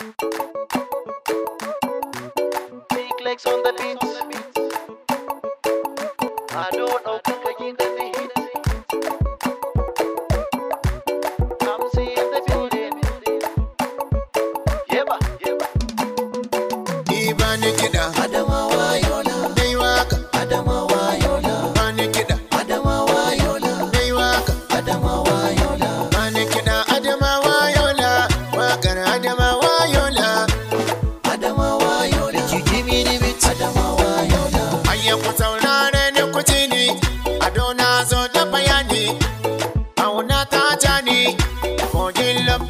Big legs on the beat. I don't know. love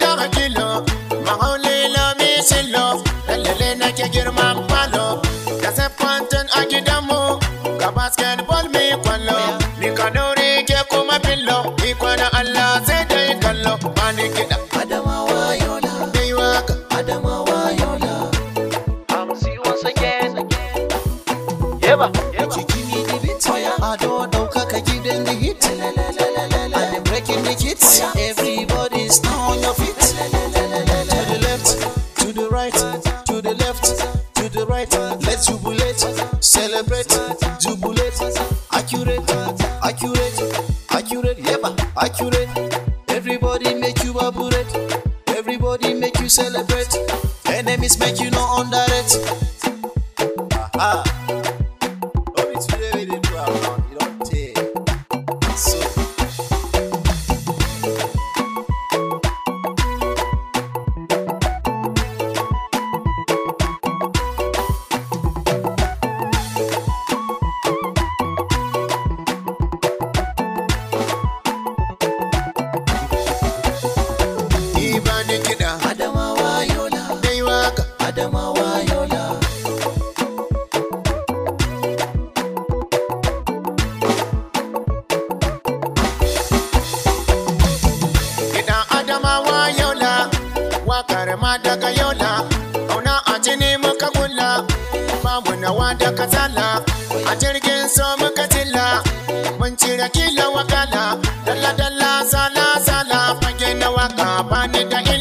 basketball me, kwallo ni kanuri ke kuma fillo iko na Allah sai dai kallo bani kiɗa adamawa yola dai waka adamawa yola I'm see once again yeba yeba jikini ni bitoya ado dauka ka gidan the hit and am breaking the hits oh, everybody's on your feet to the left to the right to the left to the right let's jubilate celebrate accurate. Everybody make you operate. Everybody make you celebrate. Enemies make you no underrate. Aha. daga yola auna a jini muka kula babu nawa daga katala a jirgin so muka tilla mun cire kila wakala dalla dalla sala sala fage na waka bani da ila